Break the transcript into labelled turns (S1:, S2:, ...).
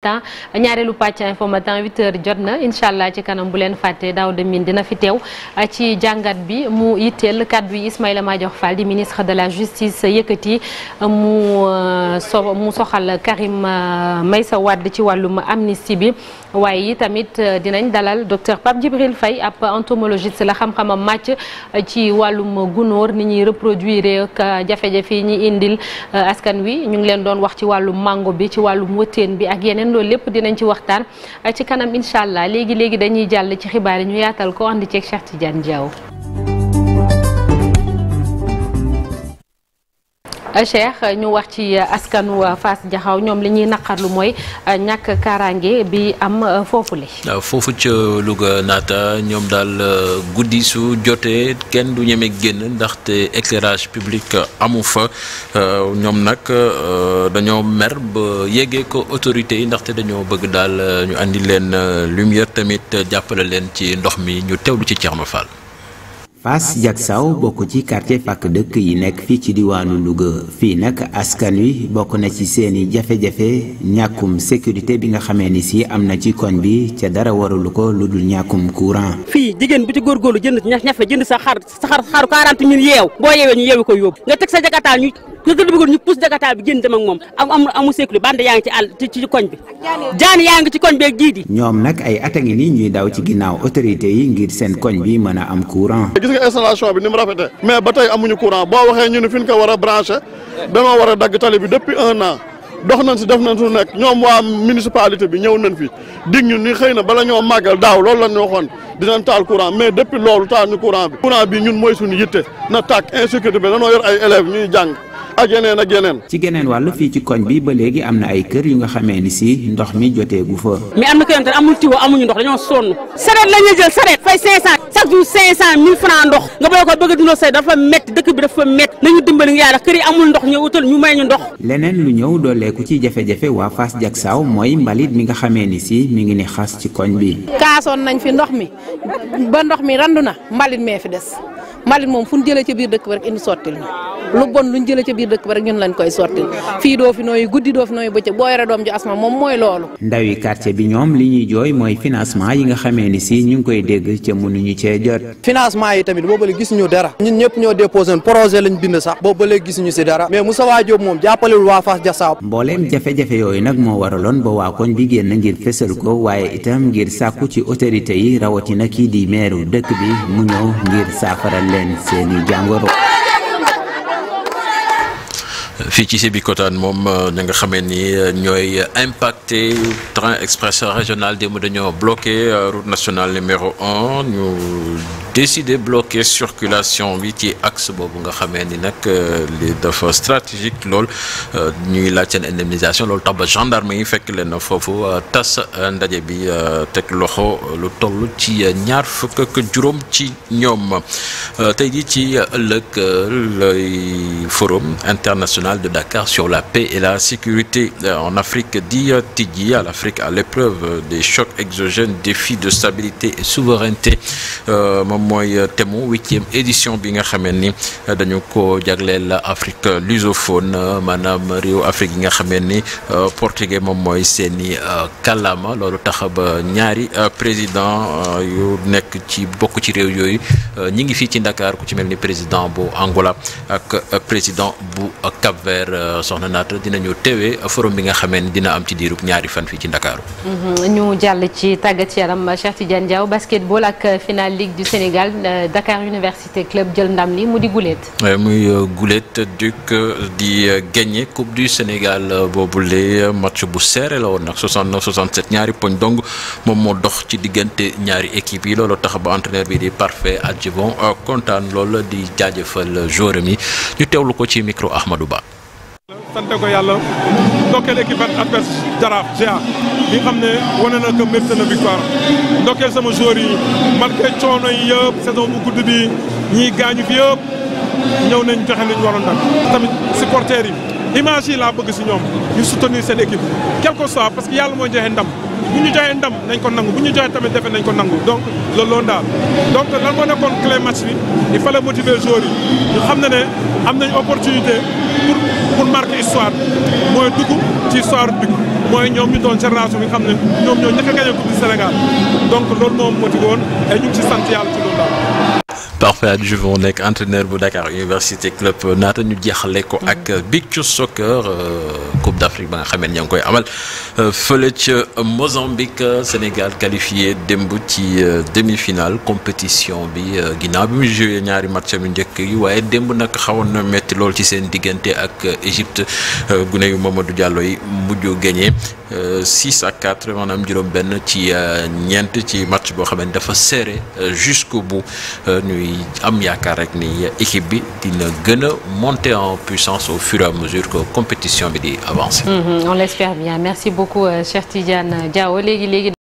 S1: temps ñaareelu pàcc info matin 8h jot na incha allah ci kanam bu leen fàtte daaw de min dina fi teew ci jàngat bi mu yitteel kàddu yi Ismaïla jox Fall di ministre de la justice yëkkati mu euh, so mu soxal Karim euh, Meïssa Wade ci wàllum amnistie bi waaye yi tamit euh, dinañ dalal docteur Pape Djibril Faye ab entomologiste la xam-xamam màcc euh, ci wàllum gunóor ni ñuy reproduire ak euh, jafe-jafe yi ñuy indil askan wi ñu ngi leen doon wax ci wàllum mango bi ci wàllum wëteen bi ak yeneen loolu lépp dinañ ci waxtaan ci kanam incha allah léegi léegi dañuy jàll ci xibaar yi ñu yaatal ko andi ceeg Cheikh Tidiane Diaw Cheikh ñu wax ci askanu Fass Jaxaw ñoom li ñuy naqarlu mooy euh, ñàkk kaaraange bi am euh, foofu li
S2: foofu ca Louga naata ñoom daal euh, guddi su jotee kenn du ñemee génn ndaxte éclairage public amu fa ñoom nag dañoo mer ba yéegee ko autorités yi ndaxte dañoo bëgg daal ñu andi leen lumière tamit jàppale leen ci ndox mi ñu teewlu ci Thierno Fall.
S3: Fass Diacksao bokk ci quartier fàkk dëkk yi nekk fii ci diwaanu Louga fii nag askan wi bokk na ci seeni jafe-jafe ñàkkum sécurité bi nga xamee ni si am na ci koñ bi ca dara warulu ko lu dul ñàkkum courant
S1: fii jigéen bi
S3: ci góorgóorlu jënd ñafe jënd sa xar sa xaru 40 000 yeew boo yeewee ñu yeewi ko yóbbu nga teg sa jagataal ñu ku gën a bëggoon ñu pousse Jakarta bi génn dem ak moom am am amu sécurité bande yaa ngi ci àll ci koñ bi
S2: jaan yaa ngi ci koñ bi ak jiidi
S3: ñoom nag ay at a ngi nii ñuy daw ci ginnaaw autorité yi ngir seen koñ bi mën a am courant
S2: gis nga installation bi ni mu rafetee mais ba tey amuñu courant boo waxee ñu fi ñu ko war a branché danoo war a dagg tali bi depuis un an dox nañ si def nañ su nekk ñoom waa municipalité bi ñëw nañ fi dig ñu ni xëy na bala ñoo màggal daaw loolu ak yeneen ak yeneen.
S3: ci geneen wàll fii ci koñ bi ba léegi am na ay kër yu nga xamee ni si ndox mi jotee gu fa. mais na kër yoo xam ne amuñu ndox dañoo sonn. sareet la ñuy jël sareet fay ndox nga booy ko bëgg a dundoo say dafa métti dëkk bi dafa métti nañu dimbali nga yàlla kër yi amul ndox ñëw utal ñu may ñu ndox. leneen lu ñëw ku ci jafe-jafe waa Fass Diaksaaw mooy mbalit mi nga xamee ni si mu ngi ni xas ci koñ bi.
S1: kaasoon nañ fi ndox mi ba ndox mi randu na mbalit mee fi des mbalit moom fu ñu jëlee ca biir dëkk bi rek dëkk ba rek ñun lañ koy sotti fii doo fi nooyu guddi doo fi nooyu bëccëg boo yore doom ju asma moom mooy loolu
S3: ndawi quartier bi ñoom li ñuy jooy mooy financement yi nga xamee ni si ñu ngi koy dégg ca mënuñu cee jot
S1: financement yi tamit booba léegi gis ñu dara ñun ñëpp ñoo déposé un projet lañ bind sax booba léegi gis ñu si dara mais Moussa Waa Diop moom jàppalewul waa Fass Jassaaw
S3: mbooleem jafe-jafe yooyu nag moo waraloon ba waa koñ bi génn ngir fésal ko waaye itam ngir sàkku ci autorité yi rawatina kii di meeru dëkk bi mu ñëw ngir saafaral leen seeni jàngoro
S2: fii ci Sébikotane moom euh, ña nga xamee ni euh, ñooy impacté train express régional démb dañoo bloqué euh, route nationale numéro un ñu. décidé bloquer circulation bi ci axe boobu nga xamee ni nag euh, li dafa stratégique lool euh, ñuy laaj seen indemnisation loolu tax ba gendarme yi fekk leen foofu euh, tas ndaje bi teg loxo lu toll ci ñaar fukk ak juróom ci ñoom tey jii ci ëllëg lay forum international de Dakar sur la paix et la sécurité en Afrique di tijji à l'Afrique à l'épreuve des chocs exogènes défis de stabilité et souveraineté moom mooy euh, thème mu huitième édition bi nga xamee ni euh, dañu ko jagleel Afrique lusophone euh, maanaam réew Afrique yi nga xamee ni portugais moom mooy seeni kàllaama loolu tax ba ñaari président yu nekk ci bokk ci réew yooyu ñi ngi fii ci Ndakaar ku ci mel ni président bu Angola ak président bu Cap-Vert soxna naata dinañu teewee forum bi nga xamee ni dina am ci diirub ñaari fan fii ci Ndakaaru
S1: mhm, ñu jàll ci tàggat yaram Cheikh Tidiane Diaw basketball ak finale Ligue du Sénégal Sénégal euh, Dakar Université Club jël ndam li mu di guléet
S2: muy euh, guléet Duc euh, di gagné Coupe du Sénégal boobule match bu serré la woon nag 69 67 ñaari poñ donc moom moo dox ci diggante ñaari équipe yi loolu tax ba entraîneur bi di parfait adjivon kontaan loolu di jaajëfal joueur mi ñu teewlu ko ci micro Ahmadou Ba.
S3: sante ko yàlla ndokkeel équipe adverse jaraaf GA bi xam ne wane na que mérite na victoire ndokkeel sama joueurs yi malgré coono yi yëpp saison bu gudd bi ñiy gaañu fi yëpp ñëw nañ joxe li waroon def tamit supporters yi image yi laa bëgg si ñoom ñu soutenir seen équipe quel que soit parce que yàlla mooy joxe ndam bu ñu joxee ndam nañ ko nangu bu ñu joxee tamit defe nañ ko nangu donc loolu loonu daal donc lan moo nekkoon clé bi il fallait motiver joueurs yi ñu xam ne ne am nañ opportunité pour pour marquer histoire mooy dugg ci histoire bi mooy ñoom ñu doon génération bi xam ne ñoom ñoo ñëkk a gagné coupe Sénégal donc loolu moom moo ci woon ñu ci sant yàlla ci loolu
S2: daal. Parfait Adjuvon nekk entraîneur bu Dakar Université Club naata ñu jeexale ko ak mm-hmm. Big Tio Soccer euh, Coupe d'Afrique ba nga xamee ña ngi koy amal euh, fële ca Mozambique euh, Sénégal qualifié démb ci demi final compétition bi ginnaaw bi mu joué ñaari match yu njëkk yi waaye démb nag xawoon na metti lool ci seen diggante ak Égypte gune yu Mamadou Diallo yi mujj gagné 6 à quatre maanaam juróom benn ci ñeent ci match boo xam ne dafa serré jusqu'au bout ñuy am yaakaar rek ni équipe bi dina gën a monter en puissance au fur et à mesure que compétition bi di avancer.
S1: Mm-hmm. on l'espère bien merci beaucoup euh, Cheikh Tidiane Diawo léegi léegi.